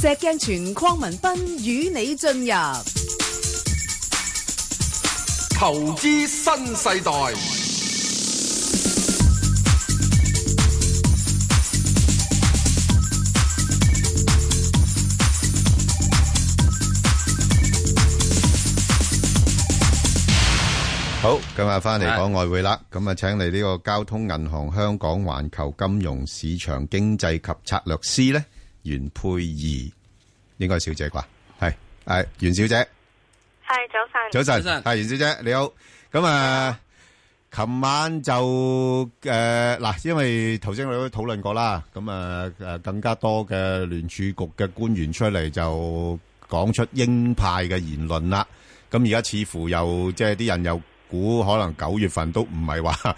石鏡泉鄺文斌與你進入投資新世代。好，今日翻嚟講外匯啦。咁啊、嗯，請嚟呢個交通銀行香港環球金融市場經濟及策略師呢。袁沛儀，應該小姐啩，係係袁小姐，係，早晨，早晨，係袁小姐，你好。咁啊，琴、呃、晚就誒嗱、呃，因為頭先我都討論過啦。咁啊誒，更加多嘅聯儲局嘅官員出嚟就講出鷹派嘅言論啦。咁而家似乎又即係啲人又估可能九月份都唔係話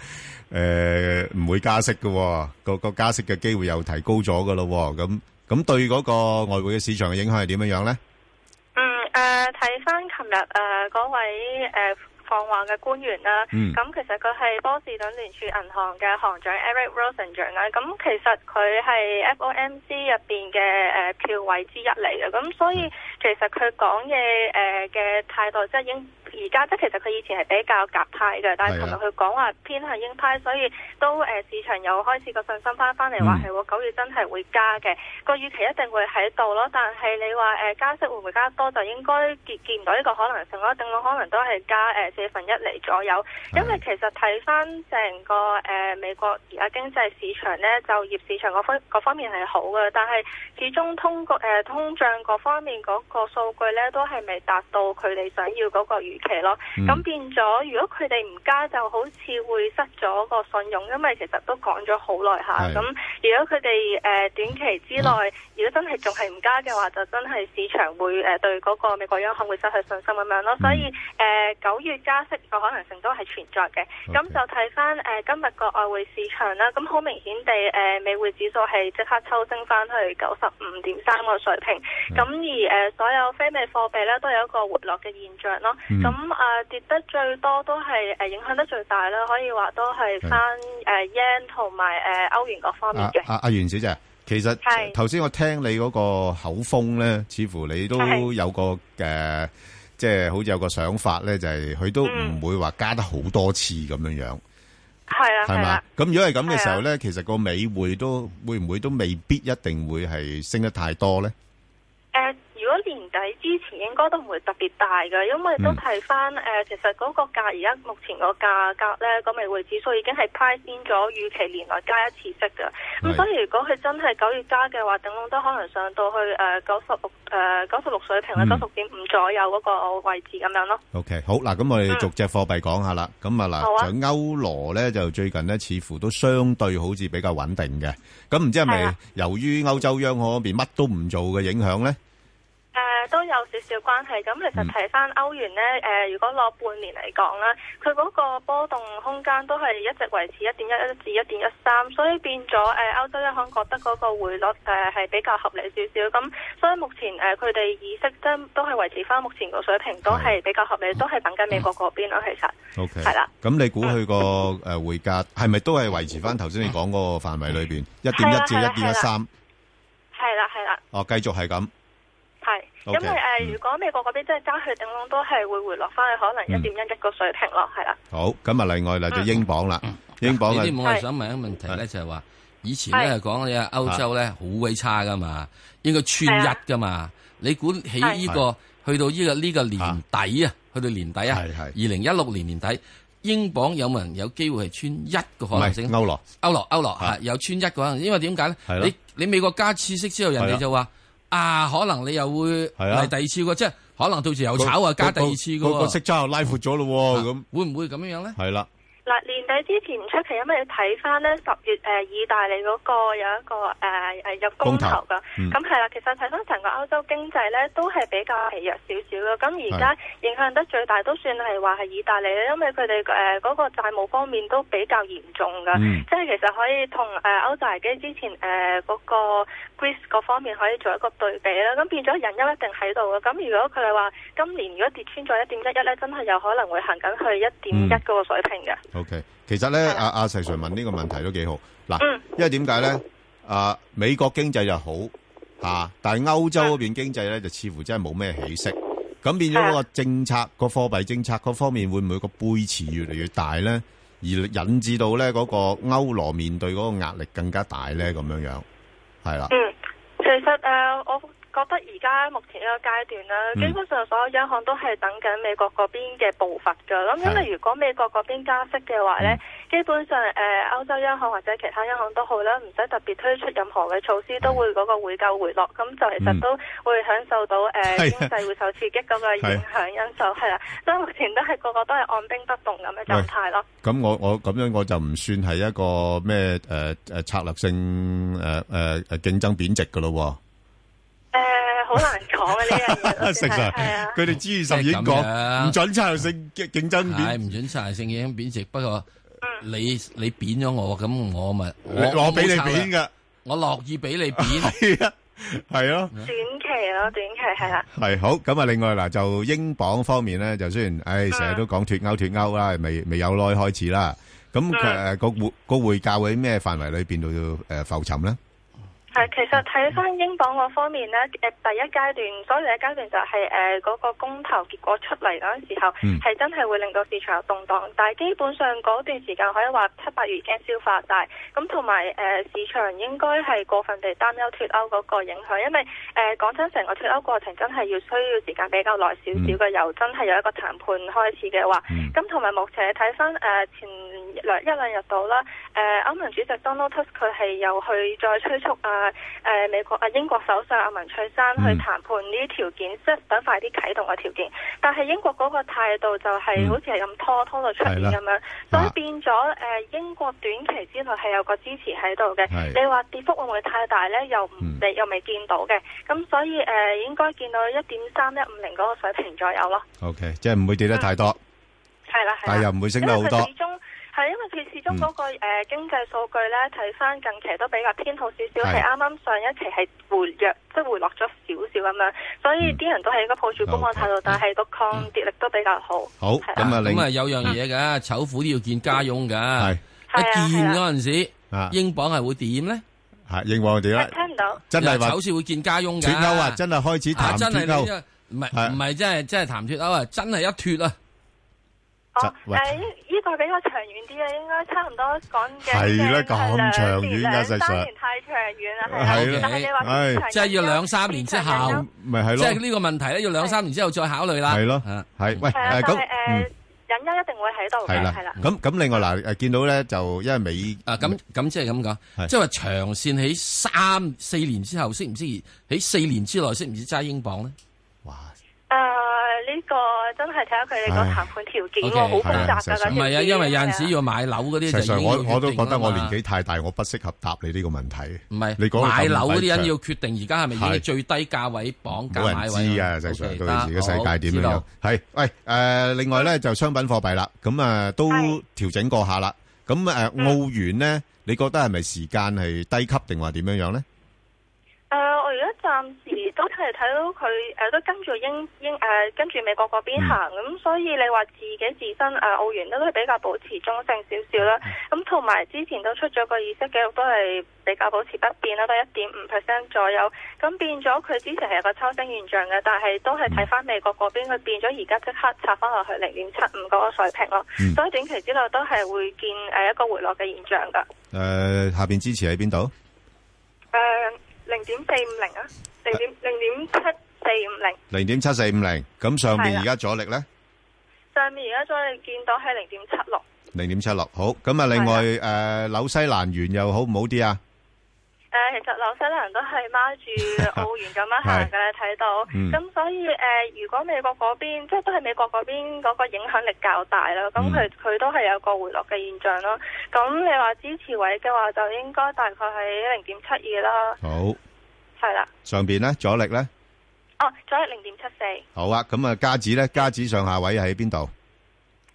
誒唔會加息嘅、哦，個個加息嘅機會又提高咗噶咯。咁咁對嗰個外匯嘅市場嘅影響係點樣樣咧？嗯誒，睇返琴日誒嗰位誒，呃講話嘅官員啦，咁、嗯、其實佢係波士頓聯儲銀行嘅行長 Eric Rosengren 啦，咁其實佢係 FOMC 入邊嘅誒票位之一嚟嘅，咁所以其實佢講嘢誒嘅態度即係英而家即係其實佢以前係比較鴿派嘅，但係今日佢講話偏向鷹派，所以都誒市場有開始個信心翻翻嚟，話係喎九月真係會加嘅，嗯、個預期一定會喺度咯。但係你話誒加息會唔會加多，就應該見見唔到呢個可能性咯，因為可能都係加誒。呃四分一厘左右，因為其實睇翻成個誒、呃、美國而家經濟市場咧，就業市場方各方面係好嘅，但係始終通過誒、呃、通脹各方面嗰個數據咧，都係未達到佢哋想要嗰個預期咯。咁、嗯、變咗，如果佢哋唔加，就好似會失咗個信用，因為其實都講咗好耐下。咁是如果佢哋誒短期之內，嗯、如果真係仲係唔加嘅話，就真係市場會誒、呃、對嗰個美國央行會失去信心咁樣咯。所以誒九、嗯呃、月。加息嘅可能性都係存在嘅，咁 Okay. 就睇翻誒今日個外匯市場啦。咁好明顯地，誒美匯指數係即刻抽升翻去九十五點三個水平。咁的而誒所有非美貨幣咧，都有一個回落嘅現象咯。咁啊、嗯，跌得最多都係誒影響得最大啦，可以話都係翻誒 yen 同埋誒歐元嗰方面嘅。阿阿的、啊啊、袁小姐，其實頭先的我聽你嗰個口風咧，似乎你都有個誒。的即係好似有個想法咧，就係、是、佢都唔會話加得好多次咁樣樣，係、嗯、吧啊，係嘛？咁如果係咁嘅時候咧，啊、其實個美匯都會唔會都未必一定會係升得太多咧？誒、呃，如果年底之前應該都唔會特別大嘅，因為都睇返誒。其實嗰個價而家目前個價格咧，個美匯指數已經係 price in 咗預期年內加一次息嘅。咁是、嗯、所以如果佢真係九月加嘅話，頂多都可能上到去誒九十六。呃 96, 誒九十六水平咧，九十六點五左右嗰個位置咁樣咯。OK，好嗱，咁我哋逐隻貨幣講下啦。咁啊嗱，歐羅咧就最近咧似乎都相對好似比較穩定嘅。咁唔知係咪由於歐洲央行嗰邊乜都唔做嘅影響咧？都有少少關係，咁其實睇翻歐元咧，誒，如果攞半年嚟講啦，佢嗰個波動空間都係一直維持一點一一至一點一三，所以變咗誒，歐洲央行覺得嗰個匯率誒係比較合理少少，咁所以目前誒，佢哋利息都都係維持翻目前個水平，都係比較合理，都係等緊美國嗰邊咯，其實，係啦，咁你估佢個誒匯價係咪都係維持翻頭先你講嗰個範圍裏邊，一點一至一點一三，係啦係啦，哦，繼續係咁。因為誒，如果美國嗰邊真係加去，頂籠都係會回落翻去可能一點一一個水平咯，係啦。好，咁啊，另外嚟到英鎊啦，英鎊啊，我係想問一個問題咧，就係話以前咧講咧，歐洲咧好鬼差噶嘛，應該穿一噶嘛，你估起呢個去到呢個呢個年底啊，去到年底啊，二零一六年年底，英鎊有冇人有機會係穿一嘅可能性？歐羅，歐羅，歐羅吓，有穿一嘅可能？因為點解咧？你你美國加次息之後，人哋就話。啊，可能你又會係第二次嘅，啊、即係可能到時又炒啊，個加第二次嘅喎，個息差又拉闊咗咯喎，咁、啊、樣會唔會咁樣樣咧？係啦。嗱，年底之前唔出奇，因為睇翻咧十月誒、呃、意大利嗰個有一個誒誒入公投噶，咁係啦。嗯嗯、其實睇翻成個歐洲經濟咧，都係比較微弱少少咯。咁而家影響得最大都算係話係意大利咧，因為佢哋誒嗰個債務方面都比較嚴重噶。嗯、即係其實可以同誒歐債危機之前誒嗰、呃那個 Greece 嗰方面可以做一個對比啦。咁變咗隱憂一定喺度噶。咁如果佢哋話今年如果跌穿咗一點一一咧，真係有可能會行緊去一點一嗰個水平嘅。OK，其實咧，阿阿石 Sir 問呢個問題都幾好。嗱，因為點解咧？啊，美國經濟又好嚇、啊，但係歐洲嗰邊經濟咧，就似乎真係冇咩起色。咁變咗個政策、個貨幣政策嗰方面，會唔會個背馳越嚟越大咧？而引致到咧嗰、嗰個歐羅面對嗰個壓力更加大咧，咁樣樣係啦。覺得而家目前呢個階段啦，基本上所有央行都係等緊美國嗰邊嘅步伐嘅。咁因為如果美國嗰邊加息嘅話呢，的基本上誒、呃、歐洲央行或者其他央行都好啦，唔使特別推出任何嘅措施，的都會嗰個匯價回落。咁就其實都會享受到誒、呃、經濟會受刺激嗰個影響因素。係啊，所以目前都係個個都係按兵不動咁嘅狀態咯。咁的我我咁樣我就唔算係一個咩誒誒策略性誒誒、呃、競爭貶值嘅咯。好難講啊，呢樣嘢，其實佢哋 G10 已經講，唔准競爭性競爭，唔准競爭性影響貶值。不過你你貶咗我，咁我咪我我俾你貶噶，我樂意俾你貶啊，係咯，短期咯，短期係啦，係好。咁啊，另外嗱，就英鎊方面咧，就算，唉，成日都講脱歐脱歐啦，未未有耐開始啦。咁誒，個匯個匯價喺咩範圍裏邊度誒浮沉咧？係，其實睇翻英鎊嗰方面呢，誒第一階段，所以第一階段就係誒嗰個公投結果出嚟嗰陣時候，係、嗯、真係會令到市場有動盪。但係基本上嗰段時間可以話七八月已經消化曬，咁同埋誒市場應該係過分地擔憂脱歐嗰個影響，因為誒講、呃、真成個脱歐過程真係要需要時間比較耐少少嘅，又、嗯、真係有一個談判開始嘅話，咁同埋目前睇翻誒前兩一兩日度啦，誒、呃、歐盟主席 Donald Tusk 佢係又去再催促啊。誒、呃，美國啊，英國首相阿文翠珊去談判呢啲條件，嗯、即係想快啲啟動嘅條件。但係英國嗰個態度就係好似係咁拖、嗯、拖到出面咁樣，所以的變咗誒、呃，英國短期之內係有個支持喺度嘅。的你話跌幅會唔會太大咧？又唔、嗯、未又未見到嘅，咁所以誒、呃，應該見到一點三一五零嗰個水平左右咯。OK，即係唔會跌得太多，係啦、嗯，但又唔會升得好多。係，因為佢始終嗰個誒經濟數據咧，睇翻近期都比較偏好少少，係啱啱上一期係回弱，即係回落咗少少咁樣，所以啲人都係一個抱住觀望態度，但係個抗跌力都比較好。好，咁啊，咁啊有樣嘢噶，醜婦都要見家翁噶，係一見嗰陣時，啊，英鎊係會點咧？啊，英鎊點咧？聽唔到真係話好似會見家翁嘅脫歐啊，真係開始談脫歐，唔係唔係真係真係談脫歐啊？真係一脫啊！哦，誒，依依個比較長遠啲咧，應該差唔多講嘅。係咧，咁長遠嘅事實上，三年太長遠啦，係啦。但係你話長遠，即係要兩三年之後，咪係咯？即係呢個問題咧，要兩三年之後再考慮啦。係咯，係。誒，但係誒，隱憂一定會喺度嘅。係啦，咁咁另外嗱，誒見到咧就因為美啊，咁咁即係咁講，即係話長線喺三四年之後，適唔適宜？喺四年之內，適唔適宜揸英鎊咧？真係睇下佢哋嘅談判條件，我好複雜噶。唔係啊，因為有陣時要買樓嗰啲，我我都覺得我年紀太大，我不適合答你呢個問題。唔係，買樓嗰啲人要決定而家係咪以最低價位綁架人知啊，就上到自己世界點樣？係，喂，誒，另外咧就商品貨幣啦，咁啊都調整過下啦。咁誒澳元呢，你覺得係咪時間係低級定話點樣樣咧？誒，我而家暫時。我睇嚟睇到佢誒都跟住英英誒、啊、跟住美國嗰邊行咁，嗯、所以你話自己自身誒澳、啊、元咧都係比較保持中性少少啦。咁同埋之前都出咗個意識記錄，都係比較保持不變啦，都一點五 percent 左右。咁變咗佢之前係有個抽升現象嘅，但係都係睇翻美國嗰邊，佢變咗而家即刻插翻落去零點七五嗰個水平咯。嗯、所以短期之內都係會見誒一個回落嘅現象噶。誒、呃，下邊支持喺邊度？誒、呃，零點四五零啊。零點零點七四五零，零點七四五零。咁上面而家阻力呢？上面而家阻力見到係零點七六，零點七六。好，咁啊，另外誒，紐西蘭元又好唔好啲啊？誒，其實紐西蘭都係孖住澳元咁樣行噶啦，你睇到。咁所以誒，如果美國嗰邊，即係都係美國嗰邊嗰個影響力較大啦。咁佢佢都係有個回落嘅現象咯。咁你話支持位嘅話，就應該大概係零點七二啦。好。係啦，上邊咧阻力咧？哦，阻力零點七四。好啊，咁啊，加指咧，加指上下位喺邊度？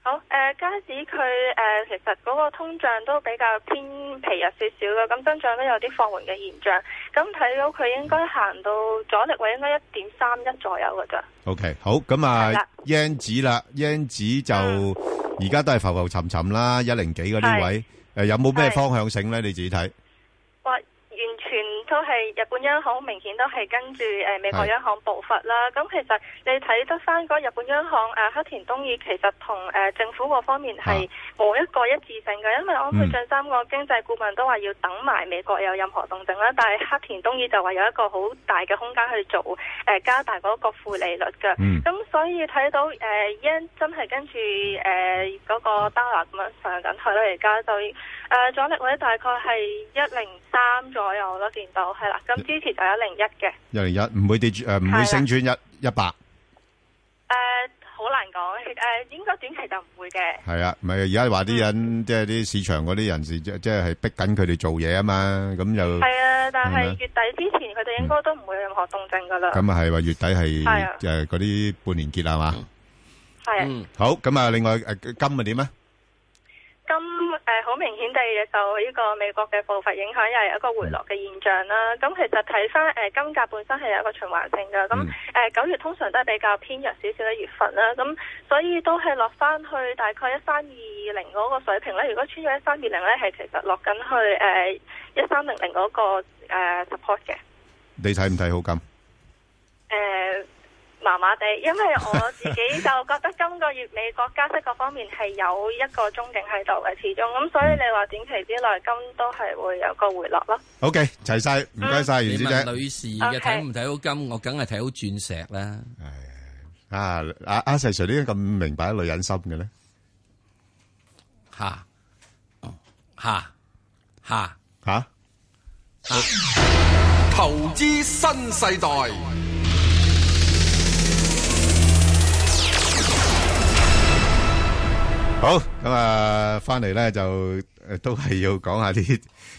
好，誒，加指佢誒，其實嗰個通脹都比較偏疲弱少少咯，咁增長都有啲放緩嘅現象。咁睇到佢應該行到阻力位應該一點三一左右嘅咋。O K，好，咁啊，英紙啦，英紙就而家都係浮浮沉沉啦，一零幾嗰啲位，誒，有冇咩方向性咧？你自己睇。都係日本央行明顯都係跟住誒美國央行步伐啦。咁其實你睇得翻嗰日本央行誒黑田東彥其實同誒政府嗰方面係冇一個一致性嘅，因為安倍晉三個經濟顧問都話要等埋美國有任何動靜啦。但係黑田東彥就話有一個好大嘅空間去做誒加大嗰個負利率嘅。咁、嗯嗯、所以睇到誒一、呃、真係跟住誒嗰個 dollar 咁樣上緊去啦。而家就誒阻力位大概係一零三左右啦，就係啦，咁之前就一零一嘅，一零一唔會跌，誒唔會升穿一一百。誒，好難講，誒，應該短期就唔會嘅。係啊，唔係而家話啲人即係啲市場嗰啲人士，即係即係係逼緊佢哋做嘢啊嘛，咁就係啊。但係月底之前佢哋應該都唔會有任何動靜噶啦。咁啊係話月底係誒嗰啲半年結啊嘛。係。好，咁啊，另外誒今日點啊？好明顯地受呢個美國嘅步伐影響，又係一個回落嘅現象啦。咁、嗯、其實睇翻誒金價本身係有一個循環性嘅。咁誒九月通常都係比較偏弱少少嘅月份啦。咁所以都係落翻去大概一三二零嗰個水平咧。如果穿咗一三二零咧，係其實落緊去誒一三零零嗰個誒、呃、support 嘅。你睇唔睇好金？誒、呃。麻麻地，因為我自己就覺得今個月美國加息各方面係有一個憧憬喺度嘅，始終咁，所以你話短期之內金都係會有個回落咯。OK，齊晒，唔該晒，袁小姐女士睇唔睇到金？我梗係睇到鑽石啦。係啊，阿細 Sir，點解咁明白女人心嘅咧？吓吓吓吓！投資新世代。好咁啊，翻嚟咧就誒，都係要講下啲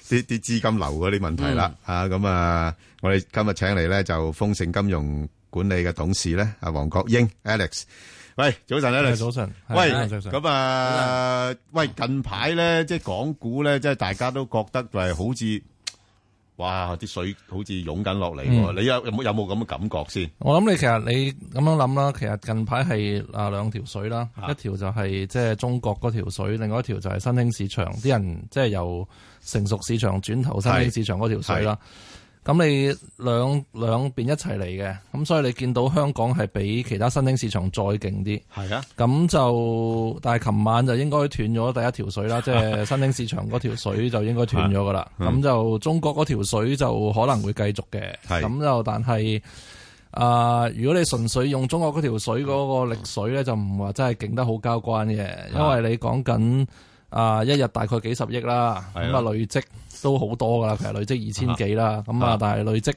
啲啲資金流嗰啲問題啦啊！咁啊，我哋今日請嚟咧就豐盛金融管理嘅董事咧，阿黃國英 Alex，喂，早晨啊，你早晨。喂，咁啊，喂，近排咧即係港股咧，即係大家都覺得就係好似。哇！啲水好似湧緊落嚟喎，嗯、你有有冇有冇咁嘅感覺先？我諗你其實你咁樣諗啦，其實近排係啊兩條水啦，啊、一條就係即係中國嗰條水，另外一條就係新興市場啲人即係由成熟市場轉投新興市場嗰條水啦。咁你兩兩邊一齊嚟嘅，咁所以你見到香港係比其他新興市場再勁啲，係啊的。咁就但係琴晚就應該斷咗第一條水啦，即係 新興市場嗰條水就應該斷咗噶啦。咁的就中國嗰條水就可能會繼續嘅。咁的就但係啊、呃，如果你純粹用中國嗰條水嗰個力水呢，就唔話真係勁得好交關嘅，的因為你講緊。啊，一日大概幾十億啦，咁啊累積都好多噶啦，其實累積二千幾啦，咁啊但係累積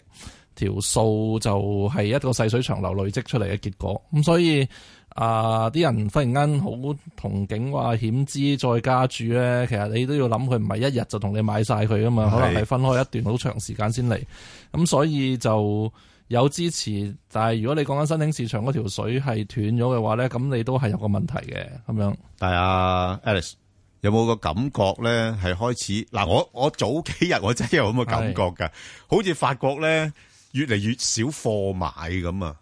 條數就係一個細水長流累積出嚟嘅結果，咁所以啊啲、呃、人忽然間好憧憬話險資再加注咧，其實你都要諗佢唔係一日就同你買晒佢噶嘛，是的 可能係分開一段好長時間先嚟，咁所以就有支持，但係如果你講緊新興市場嗰條水係斷咗嘅話咧，咁你都係有個問題嘅咁樣。但係啊 Alice 有冇個感覺咧？係開始嗱，我我早幾日我真係有咁嘅感覺㗎，是的 好似法國咧越嚟越少貨買咁啊，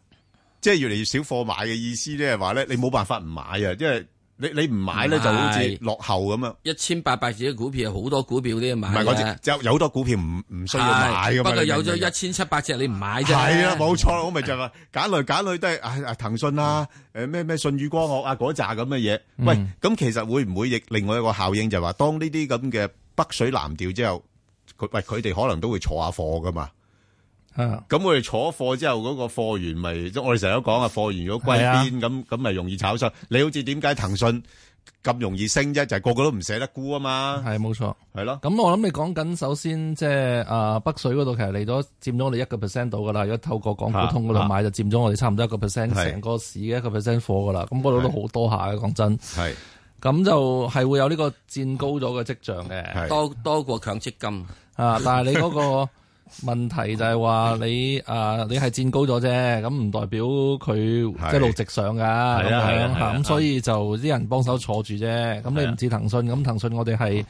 即係越嚟越少貨買嘅意思，即係話咧你冇辦法唔買啊，因為，你你唔買咧，就好似落後咁啊！一千八百隻股票，好多股票都要買。唔係嗰隻，有好多股票唔唔需要買咁。不過有咗一千七百隻，你唔買啫。係啊，冇錯，我咪就係揀嚟揀去都係啊騰訊啊，誒咩咩舜宇光學啊嗰扎咁嘅嘢。喂，咁其實會唔會亦另外一個效應就係話，當呢啲咁嘅北水南調之後，佢唔佢哋可能都會坐下貨噶嘛？嗯，咁、啊啊、我哋坐咗貨之後，嗰個貨源咪，我哋成日都講啊，貨源如果歸邊，咁咁咪容易炒出。啊、你好似點解騰訊咁容易升啫？就係、是、個個都唔捨得沽啊嘛。係冇錯，係咯。咁我諗你講緊，首先即係啊北水嗰度，其實嚟咗佔咗我哋一個 percent 到噶啦。如果透過港股通嗰度買，啊、就佔咗我哋差唔多一個 percent，成個市嘅一個 percent 貨噶啦。咁嗰度都好多下嘅，講真。係是，咁是就係會有呢個佔高咗嘅跡象嘅，多多過強積金 啊。但係你嗰、那個。問題就係話你誒、呃，你係占高咗啫，咁唔代表佢一路直上噶，咁的樣吓，咁所以就啲人幫手坐住啫，咁你唔似騰訊，咁騰訊我哋係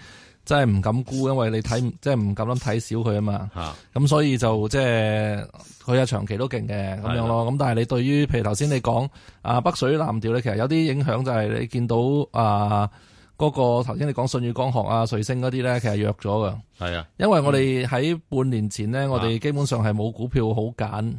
真係唔敢估，因為你睇，即係唔敢諗睇少佢啊嘛，咁的所以就即係佢有長期都勁嘅咁樣咯，咁的但係你對於，譬如頭先你講啊、呃、北水南調咧，其實有啲影響就係你見到啊。呃嗰個頭先你講舜宇光學啊、瑞聲嗰啲咧，其實弱咗嘅。係啊，因為我哋喺半年前咧，嗯、我哋基本上係冇股票好揀，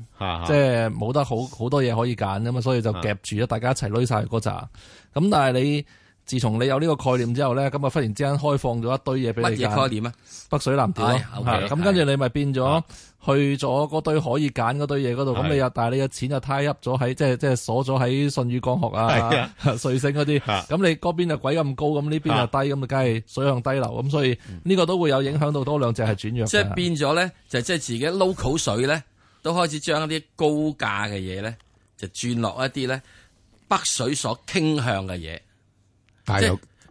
即係冇得好好多嘢可以揀吖嘛，嗯、所以就夾住啊，嗯、大家一齊攆曬嗰扎。咁但係你。自從你有呢個概念之後咧，咁啊忽然之間開放咗一堆嘢俾你，乜嘢概念啊？北水南調咯，咁跟住你咪變咗去咗嗰堆可以揀嗰堆嘢嗰度。咁是你又，但係你嘅錢就太入咗喺，即係即係鎖咗喺舜宇光學啊、啊啊瑞聲嗰啲。咁、啊、你嗰邊就鬼咁高，咁呢邊就低，咁啊梗係水向低流。咁所以呢個都會有影響到多兩隻係轉弱、嗯，即係變咗咧，就即係自己 local 水咧，都開始將一啲高價嘅嘢咧，就轉落一啲咧北水所傾向嘅嘢。即係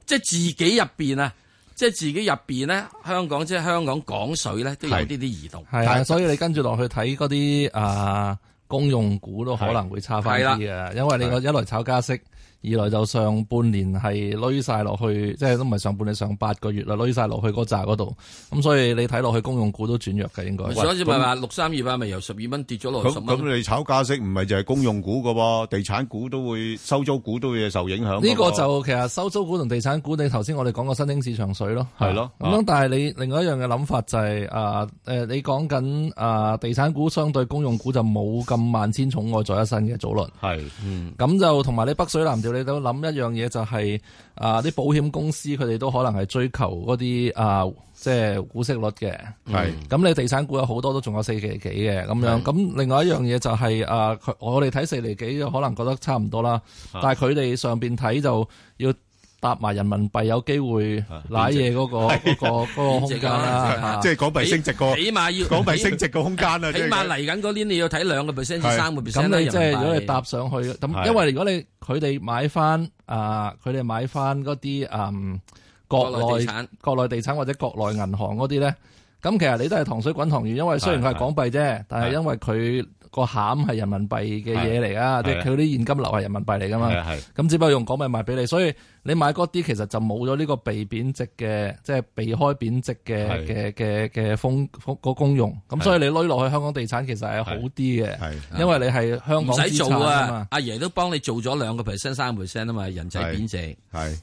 即係自己入邊啊，即係自己入邊咧，香港即係香港港水咧都有呢啲移動，係啊的，是所以你跟住落去睇嗰啲啊公用股都可能會差翻啲啊，的因為你個一來炒加息。二來就上半年係攞晒落去，即係都唔係上半年上八個月啦，攞晒落去嗰扎嗰度，咁所以你睇落去公用股都轉弱嘅，應該。所以咪話六三二八咪由十二蚊跌咗落去，咁你炒加息唔係就係公用股噶喎，地產股都會，收租股都會受影響。呢個就其實收租股同地產股，你頭先我哋講過新興市場水咯，係咯。咁但係你另外一樣嘅諗法就係啊，誒，你講緊啊，地產股相對公用股就冇咁萬千寵愛在一身嘅早輪。係，咁就同埋你北水南調。你都諗一樣嘢就係、是、啊，啲、呃、保險公司佢哋都可能係追求嗰啲啊，即係股息率嘅，係咁是你地產股有好多都仲有四厘幾嘅咁樣，咁是另外一樣嘢就係、是、啊，佢、呃、我哋睇四厘幾可能覺得差唔多啦，但係佢哋上邊睇就要。搭埋人民幣有機會攋嘢嗰個嗰個嗰個空間啦，即係港幣升值個，起碼要港幣升值個空間啦。起碼嚟緊嗰年你要睇兩個 percent 至三個 percent 啦。咁你即係如果你搭上去，咁因為如果你佢哋買翻啊，佢哋買翻嗰啲嗯國內地產、國內地產或者國內銀行嗰啲咧，咁其實你都係糖水滾湯丸，因為雖然佢係港幣啫，但係因為佢。個餡係人民幣嘅嘢嚟噶，即係佢啲現金流係人民幣嚟噶嘛。咁只不過用港幣賣俾你，所以你買嗰啲其實就冇咗呢個被貶值嘅，即係避開貶值嘅嘅嘅嘅風風嗰功用。咁所以你攞落去香港地產其實係好啲嘅，因為你係香港唔使做啊。阿爺都幫你做咗兩個 percent、三 percent 啊嘛，人仔貶值係。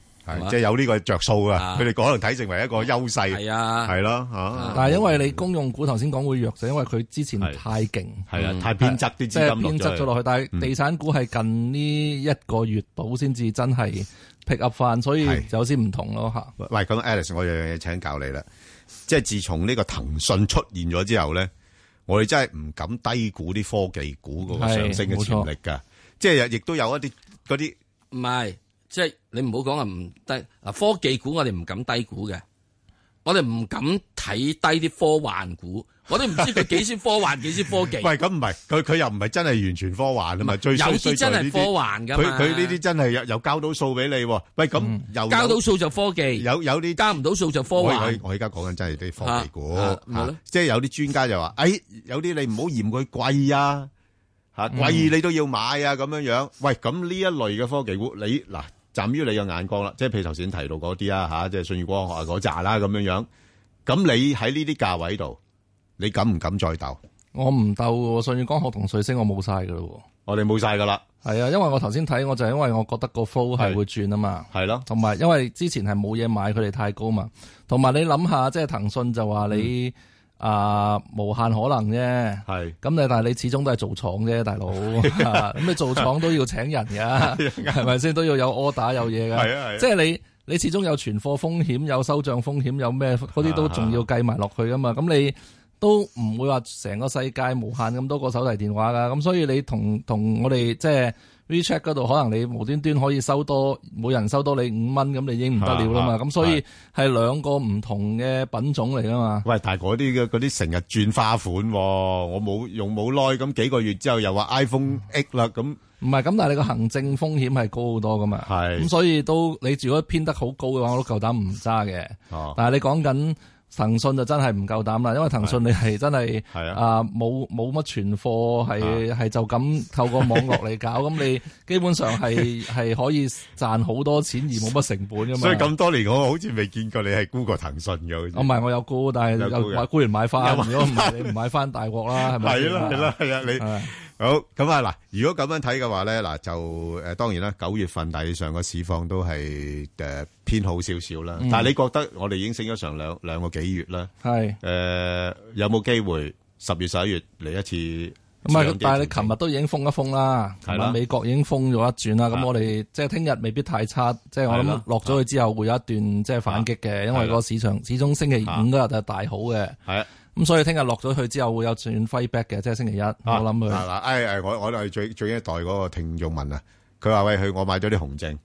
即係有呢個着數啊，佢哋可能睇成為一個優勢。係啊，係咯吓。但係因為你公用股頭先講會弱，就因為佢之前太勁，係啊，太偏執啲資金即係偏執咗落去，但係地產股係近呢一個月到先至真係劈合返，所以就好先唔同咯吓。喂，咁 Alex，我有樣嘢請教你啦。即係自從呢個騰訊出現咗之後咧，我哋真係唔敢低估啲科技股嗰個上升嘅潛力噶。即係亦都有一啲嗰啲唔係。即係你唔好講啊，唔低嗱科技股我哋唔敢低估嘅，我哋唔敢睇低啲科幻股，我都唔知佢幾先科幻幾先科技。喂，咁唔係佢佢又唔係真係完全科幻啊嘛，有啲真係科幻噶。佢佢呢啲真係又又交到數俾你。喂，咁又交到數就科技，有有啲交唔到數就科幻。我我我而家講緊真係啲科技股，即係有啲專家就話，哎，有啲你唔好嫌佢貴啊，吓貴你都要買啊，咁樣樣。喂，咁呢一類嘅科技股，你嗱。站於你嘅眼光啦，即係譬如頭先提到嗰啲啊，吓，即係舜宇光學嗰扎啦咁樣樣。咁你喺呢啲價位度，你敢唔敢再鬥？我唔鬥喎，舜宇光學同瑞聲我冇晒㗎喇喎。我哋冇晒㗎喇。係啊，因為我頭先睇我就係、是、因為我覺得個 flow 係會轉啊嘛。係咯，同埋因為之前係冇嘢買，佢哋太高嘛。同埋你諗下，即係騰訊就話你。嗯啊，無限可能啫，係咁你，但係你始終都係做廠啫，大佬，咁你做廠都要請人嘅，係咪先？都要有柯打有嘢嘅，係啊，即係你， 你始終有存貨風險，有收賬風險，有咩嗰啲都仲要計埋落去噶嘛？咁 你都唔會話成個世界無限咁多個手提電話噶，咁所以你同同我哋即係。WeChat 嗰度可能你無端端可以收多，每人收多你五蚊，咁你已經唔得了啦嘛。咁所以係兩個唔同嘅品種嚟噶嘛。喂，但係嗰啲嘅嗰啲成日轉花款，我冇用冇耐，咁幾個月之後又話 iPhone X 啦，咁唔係咁，但係你個行政風險係高好多噶嘛。係咁，所以都你如果編得好高嘅話，我都夠膽唔揸嘅。哦，但係你講緊。騰訊就真係唔夠膽啦，因為騰訊你係真係啊冇冇乜存貨，係係、啊、就咁透過網絡嚟搞，咁 你基本上係係可以賺好多錢而冇乜成本噶嘛。所以咁多年我好似未見過你係沽過騰訊嘅。我唔係我有沽，但係有，有沽完買固然買翻，如果唔係你唔買翻大鑊啦，係咪？係啦係啦，係啊你。 好，咁啊嗱，如果咁樣睇嘅話咧，嗱就誒，當然啦，九月份大致上個市況都係誒偏好少少啦。嗯、但係你覺得我哋已經升咗上兩兩個幾月啦？係誒是、呃，有冇機會十月十一月嚟一次？唔係，但係你琴日都已經封一封啦，同埋美國已經封咗一轉啦。咁的我哋即係聽日未必太差，即係的我諗落咗去之後會有一段即係反擊嘅，的因為個市場始終星期五嗰日係大好嘅。係的。咁所以聽日落咗去之後會有轉 f b a c k 嘅，即、就、係、是、星期一、啊、我諗佢、啊啊啊。我我哋最最一代嗰個聽眾問啊，佢話喂，佢我買咗啲紅證。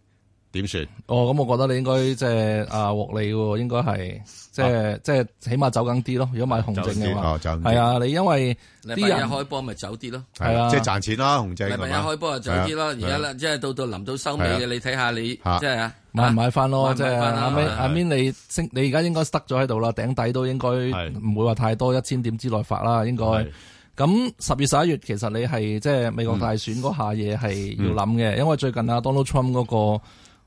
點算？哦，咁我覺得你應該即係啊獲利喎，應該係即係即係起碼走緊啲咯。如果買紅證嘅話，係啊，你因為啲人一開波咪走啲咯，係啊，即係賺錢啦，紅證。你咪一開波就走啲咯，而家啦，即係到到臨到收尾嘅，你睇下你即係啊，買唔買翻咯，即係後屘後屘你升，你而家應該得咗喺度啦，頂底都應該唔會話太多一千點之內發啦，應該。咁十月十一月其實你係即係美國大選嗰下嘢係要諗嘅，因為最近啊 Donald Trump 嗰個。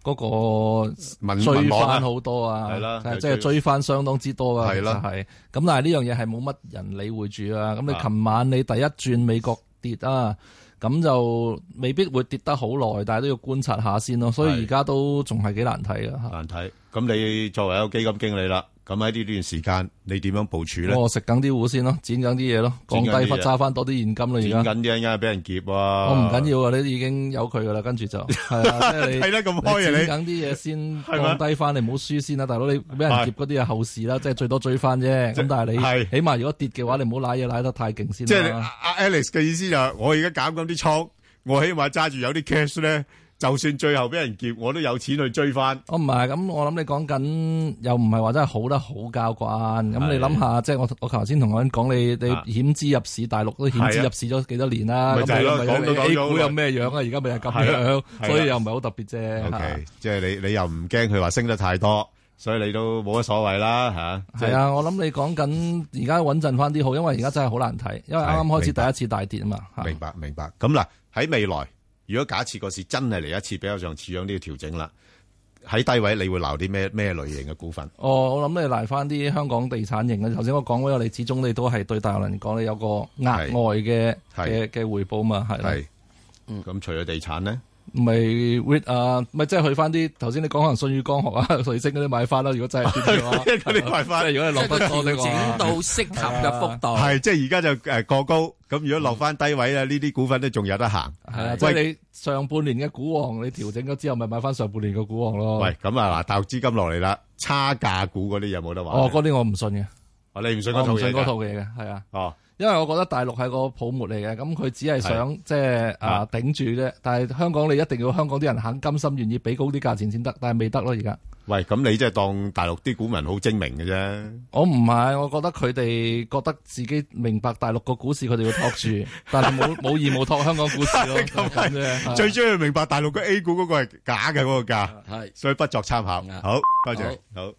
嗰個追翻好多啊，係啦問，即係追翻相當之多啊，係啦的，係。咁但係呢樣嘢係冇乜人理會住啊。咁你琴晚你第一轉美國跌啊，咁就未必會跌得好耐，但係都要觀察下先咯啊。所以而家都仲係幾難睇啊，難睇的。的咁你作為一個基金經理啦，咁喺呢段時間你點樣部署咧？我、哦、食緊啲糊先咯，剪緊啲嘢咯，降低負債，揸翻多啲現金啦。而家剪緊啲，一陣間俾人劫喎、啊。我唔緊要啊，你已經有佢噶啦，跟住就睇、 啊、得咁開啊！你剪緊啲嘢先，降低翻嗎、啊，你唔好輸先啦，大佬你俾人劫嗰啲係後事啦，即係最多追翻啫。咁 但係你起碼如果跌嘅話，你唔好拉嘢拉得太勁先、啊、即係 Alex 嘅意思就，我而家減緊啲倉，我起碼揸住有啲 cash 咧。就算最後俾人劫，我都有錢去追翻。哦，唔係，咁我諗你講緊又唔係話真係好得好交關。咁你諗下，即係我我頭先同阿欣講，你你險資入市大陸都險資入市咗幾多年啦。咪就係咯，講都講到。A 股有咩樣啊？而家咪係咁樣，所以又唔係好特別啫。O K，即係你你又唔驚佢話升得太多，所以你都冇乜所謂啦吓。係啊，我諗你講緊而家穩陣翻啲好，因為而家真係好難睇，因為啱啱開始第一次大跌啊嘛。明白明白。咁嗱，喺未來。如果假設個市真係嚟一次比較上似樣啲調整啦，喺低位你會留啲咩咩類型嘅股份？哦，我諗你留翻啲香港地產型嘅。頭先我講過，你始終你都係對大陸人講你有個額外嘅嘅嘅回報嘛，係啦。係，嗯，咁除咗地產咧？咪啊，咪即係去翻啲頭先你講，可能舜宇光學啊，瑞星嗰啲買翻啦。如果真係跌嘅話，嗰啲 買翻。 如果你落得多啲嘅話，整到適合嘅幅度。係，啊啊，即係而家就誒過高。咁如果落翻低位咧，呢啲，嗯、股份都仲有得行。係啊，即係你上半年嘅股王，你調整咗之後，咪買翻上半年嘅股王咯。喂，咁啊，嗱，大額資金落嚟啦，差價股嗰啲有冇得話？哦，嗰啲我唔信嘅。我你唔信嗰套嘢？唔信嗰套嘢嘅，係啊。哦。不因為我覺得大陸係個泡沫嚟嘅，咁佢只係想即係啊頂住啫。但係香港你一定要香港啲人肯甘心願意俾高啲價錢先得，但係未得咯而家。喂，咁你即係當大陸啲股民好精明嘅啫。我唔係，我覺得佢哋覺得自己明白大陸個股市，佢哋要托住，但係冇冇義務托香港股市咯。最中意明白大陸個 A 股嗰個係假嘅嗰個價，係所以不作參考。好，多謝，好。